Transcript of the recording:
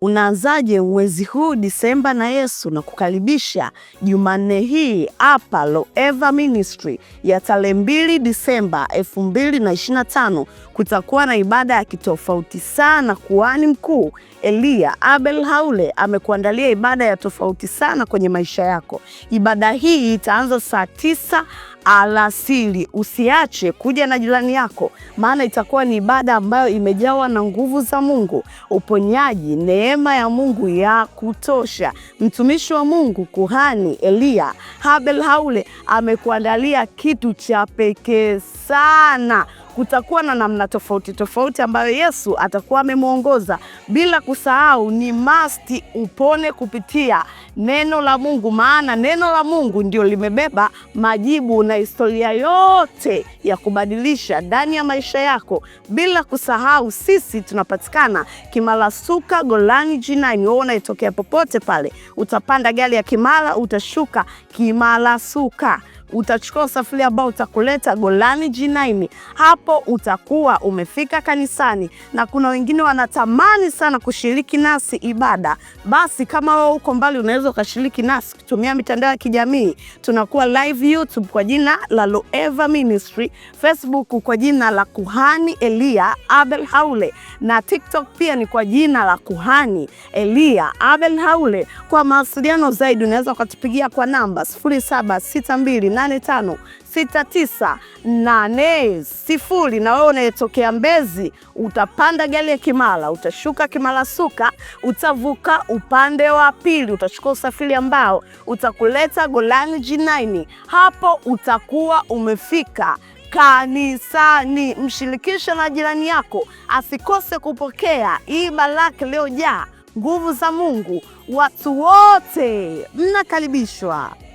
Unaanzaje mwezi huu Disemba na Yesu? Na kukaribisha Jumanne hii hapa Loeva Ministry ya tarehe 2 Disemba 2025, kutakuwa na ibada ya kitofauti sana. Kuhani mkuu Eliya Abel Haule amekuandalia ibada ya tofauti sana kwenye maisha yako. Ibada hii itaanza saa tisa alasiri. Usiache kuja na jirani yako, maana itakuwa ni ibada ambayo imejawa na nguvu za Mungu, uponyaji, neema ya Mungu ya kutosha. Mtumishi wa Mungu kuhani Eliya Habel Haule amekuandalia kitu cha pekee sana kutakuwa na namna tofauti tofauti ambayo Yesu atakuwa amemwongoza. Bila kusahau ni masti upone kupitia neno la Mungu, maana neno la Mungu ndio limebeba majibu na historia yote ya kubadilisha ndani ya maisha yako. Bila kusahau sisi tunapatikana Kimara Suka Golani G9. Wewe popote pale, utapanda gari ya Kimara, utashuka Kimara Suka utachukua usafiri ambao utakuleta Golani G9. Hapo utakuwa umefika kanisani, na kuna wengine wanatamani sana kushiriki nasi ibada. Basi kama wewe uko mbali, unaweza ukashiriki nasi kutumia mitandao ya kijamii. Tunakuwa live YouTube kwa jina la Loeva Ministry, Facebook kwa jina la Kuhani Elia Abel Haule, na TikTok pia ni kwa jina la Kuhani Elia Abel Haule. Kwa mawasiliano zaidi, unaweza ukatupigia kwa namba 0762 856980. Na wewe unayetokea Mbezi utapanda gari ya Kimara, utashuka Kimara Suka, utavuka upande wa pili, utachukua usafiri ambao utakuleta Golani G9. Hapo utakuwa umefika kanisani. Mshirikishe na jirani yako asikose kupokea hii baraka iliyojaa nguvu za Mungu. Watu wote mnakaribishwa.